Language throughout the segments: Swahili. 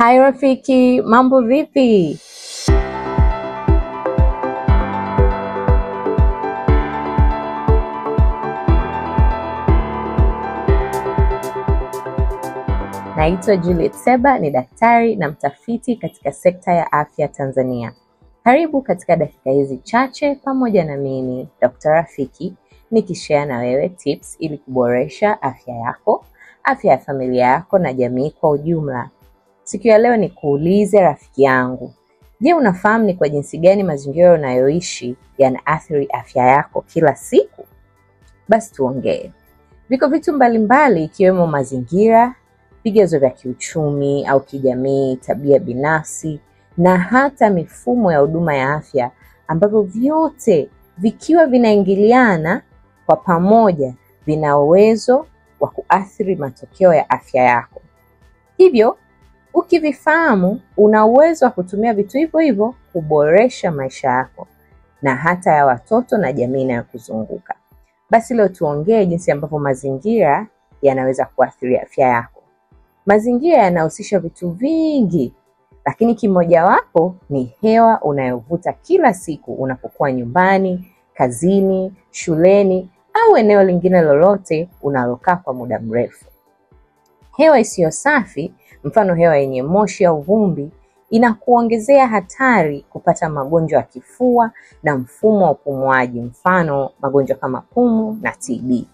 Hai rafiki, mambo vipi? Naitwa Juliet Seba, ni daktari na mtafiti katika sekta ya afya Tanzania. Karibu katika dakika hizi chache pamoja na mimi Dr. Rafiki nikishare na wewe tips ili kuboresha afya yako, afya ya familia yako na jamii kwa ujumla. Siku ya leo ni kuulize rafiki yangu, je, unafahamu ni kwa jinsi gani mazingira unayoishi yanaathiri afya yako kila siku? Basi tuongee. Viko vitu mbalimbali ikiwemo mazingira, vigezo vya kiuchumi au kijamii, tabia binafsi na hata mifumo ya huduma ya afya, ambavyo vyote vikiwa vinaingiliana kwa pamoja, vina uwezo wa kuathiri matokeo ya afya yako. Hivyo Ukivifahamu una uwezo wa kutumia vitu hivyo hivyo kuboresha maisha yako na hata ya watoto na jamii inayokuzunguka. Basi leo tuongee jinsi ambavyo mazingira yanaweza kuathiri afya yako. Mazingira yanahusisha vitu vingi, lakini kimojawapo ni hewa unayovuta kila siku unapokuwa nyumbani, kazini, shuleni au eneo lingine lolote unalokaa kwa muda mrefu. Hewa isiyo safi mfano hewa yenye moshi au vumbi, inakuongezea hatari kupata magonjwa ya kifua na mfumo wa upumuaji, mfano magonjwa kama pumu na TB.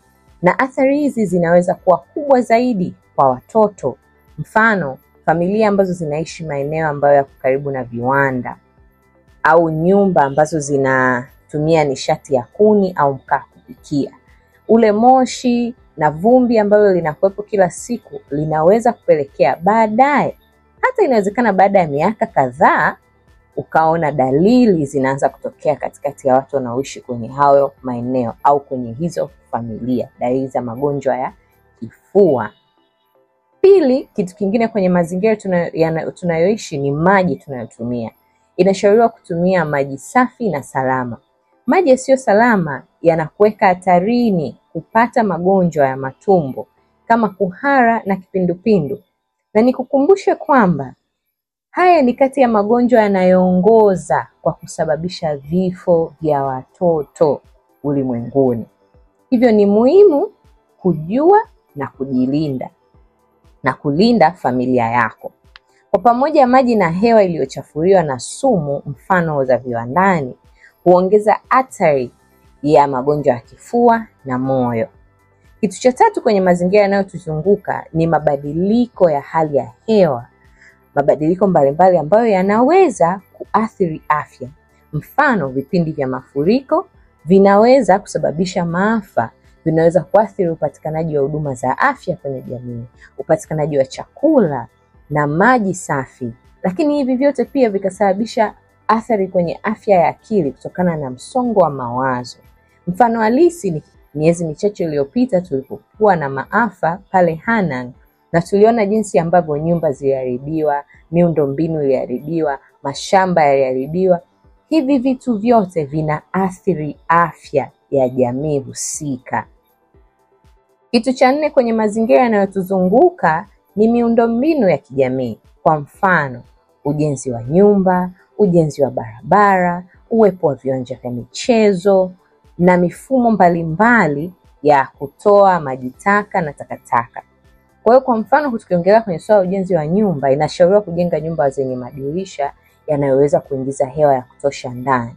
Na athari hizi zinaweza kuwa kubwa zaidi kwa watoto, mfano familia ambazo zinaishi maeneo ambayo yako karibu na viwanda au nyumba ambazo zinatumia nishati ya kuni au mkaa kupikia. Ule moshi na vumbi ambalo linakuwepo kila siku linaweza kupelekea baadaye, hata inawezekana baada ya miaka kadhaa, ukaona dalili zinaanza kutokea katikati ya watu wanaoishi kwenye hayo maeneo au kwenye hizo familia, dalili za magonjwa ya kifua. Pili, kitu kingine kwenye mazingira tunayoishi ni maji tunayotumia. Inashauriwa kutumia maji safi na salama. Maji yasiyo salama yanakuweka hatarini kupata magonjwa ya matumbo kama kuhara na kipindupindu, na nikukumbushe kwamba haya ni kati ya magonjwa yanayoongoza kwa kusababisha vifo vya watoto ulimwenguni. Hivyo ni muhimu kujua na kujilinda na kulinda familia yako. Kwa pamoja, maji na hewa iliyochafuliwa na sumu, mfano za viwandani, huongeza hatari ya magonjwa ya kifua na moyo. Kitu cha tatu kwenye mazingira yanayotuzunguka ni mabadiliko ya hali ya hewa, mabadiliko mbalimbali ambayo yanaweza kuathiri afya. Mfano, vipindi vya mafuriko vinaweza kusababisha maafa, vinaweza kuathiri upatikanaji wa huduma za afya kwenye jamii, upatikanaji wa chakula na maji safi. Lakini hivi vyote pia vikasababisha athari kwenye afya ya akili kutokana na msongo wa mawazo. Mfano halisi ni miezi michache iliyopita tulipokuwa na maafa pale Hanang na tuliona jinsi ambavyo nyumba ziliharibiwa, mbinu iliharibiwa, mashamba yaliharibiwa. Hivi vitu vyote vinaathiri afya ya jamii husika. Kitu cha nne kwenye mazingira yanayotuzunguka ni miundombinu ya kijamii, kwa mfano ujenzi wa nyumba, ujenzi wa barabara, uwepo wa viwanja vya michezo na mifumo mbalimbali ya kutoa maji taka na takataka. Kwa hiyo kwa mfano, tukiongelea kwenye suala la ujenzi wa nyumba, inashauriwa kujenga nyumba zenye madirisha yanayoweza kuingiza hewa ya kutosha ndani.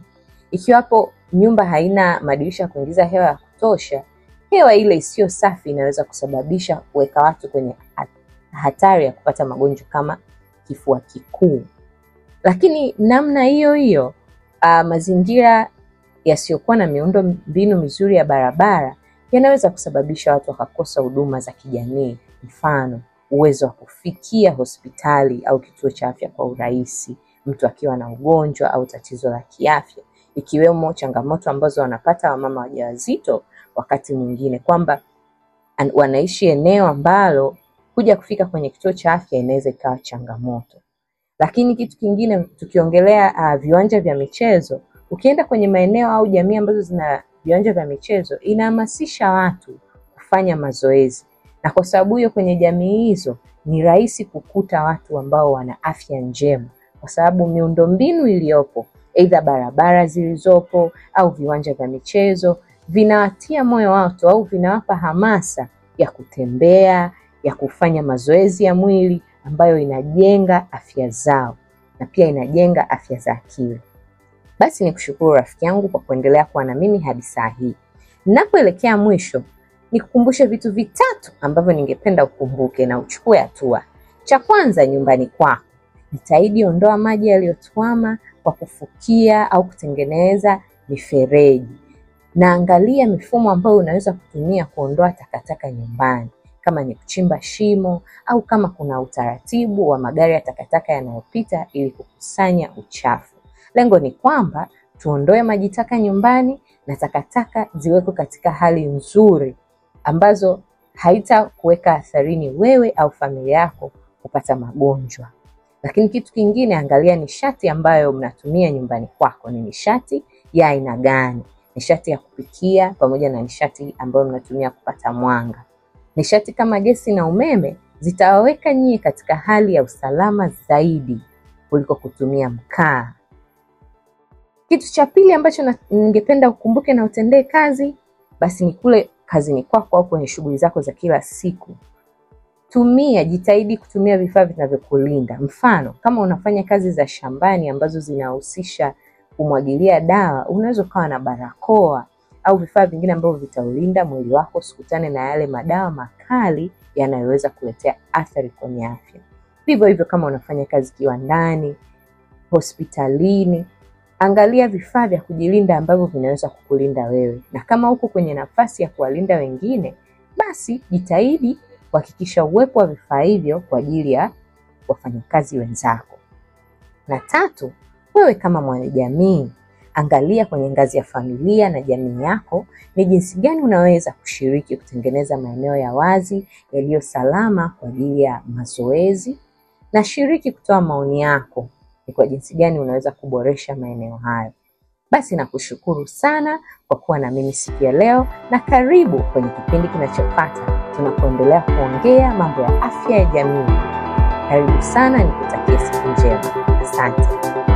Ikiwapo nyumba haina madirisha ya kuingiza hewa ya kutosha, hewa ile isiyo safi inaweza kusababisha kuweka watu kwenye hatari ya kupata magonjwa kama kifua kikuu. Lakini namna hiyo hiyo, uh, mazingira yasiyokuwa na miundo mbinu mizuri ya barabara yanaweza kusababisha watu wakakosa huduma za kijamii, mfano uwezo wa kufikia hospitali au kituo cha afya kwa urahisi, mtu akiwa na ugonjwa au tatizo la kiafya, ikiwemo changamoto ambazo wanapata wamama wajawazito wakati mwingine kwamba wanaishi eneo ambalo kuja kufika kwenye kituo cha afya inaweza ikawa changamoto. Lakini kitu kingine tukiongelea uh, viwanja vya michezo Ukienda kwenye maeneo au jamii ambazo zina viwanja vya michezo, inahamasisha watu kufanya mazoezi, na kwa sababu hiyo kwenye jamii hizo ni rahisi kukuta watu ambao wana afya njema, kwa sababu miundombinu iliyopo, aidha barabara zilizopo au viwanja vya michezo, vinawatia moyo watu au vinawapa hamasa ya kutembea, ya kufanya mazoezi ya mwili ambayo inajenga afya zao na pia inajenga afya za akili. Basi ni kushukuru rafiki yangu kwa kuendelea kuwa na mimi hadi saa hii. Ninapoelekea mwisho, nikukumbushe vitu vitatu ambavyo ningependa ukumbuke na uchukue hatua. Cha kwanza, nyumbani kwako, jitahidi ondoa maji yaliyotuama kwa kufukia au kutengeneza mifereji, na angalia mifumo ambayo unaweza kutumia kuondoa takataka nyumbani kama ni kuchimba shimo au kama kuna utaratibu wa magari ya takataka yanayopita ili kukusanya uchafu. Lengo ni kwamba tuondoe maji taka nyumbani na takataka ziwekwe katika hali nzuri ambazo haita kuweka atharini wewe au familia yako kupata magonjwa. Lakini kitu kingine, angalia nishati ambayo mnatumia nyumbani kwako ni nishati ya aina gani? Nishati ya kupikia pamoja na nishati ambayo mnatumia kupata mwanga. Nishati kama gesi na umeme zitawaweka nyie katika hali ya usalama zaidi kuliko kutumia mkaa. Kitu cha pili ambacho ningependa ukumbuke na utendee kazi basi ni kule kazini kwako au kwenye shughuli zako za kila siku. Tumia, jitahidi kutumia vifaa vinavyokulinda. Mfano, kama unafanya kazi za shambani ambazo zinahusisha kumwagilia dawa, unaweza ukawa na barakoa au vifaa vingine ambavyo vitaulinda mwili wako usikutane na yale madawa makali yanayoweza kuletea athari kwenye afya. Vivyo hivyo, kama unafanya kazi kiwandani, hospitalini Angalia vifaa vya kujilinda ambavyo vinaweza kukulinda wewe, na kama uko kwenye nafasi ya kuwalinda wengine, basi jitahidi kuhakikisha uwepo wa vifaa hivyo kwa ajili ya wafanyakazi wenzako. Na tatu, wewe kama mwanajamii, angalia kwenye ngazi ya familia na jamii yako, ni jinsi gani unaweza kushiriki kutengeneza maeneo ya wazi yaliyo salama kwa ajili ya mazoezi, na shiriki kutoa maoni yako ni kwa jinsi gani unaweza kuboresha maeneo hayo. Basi nakushukuru sana kwa kuwa na mimi siku ya leo, na karibu kwenye kipindi kinachofuata tunapoendelea kuongea mambo ya afya ya jamii. Karibu sana, nikutakie siku njema. Asante.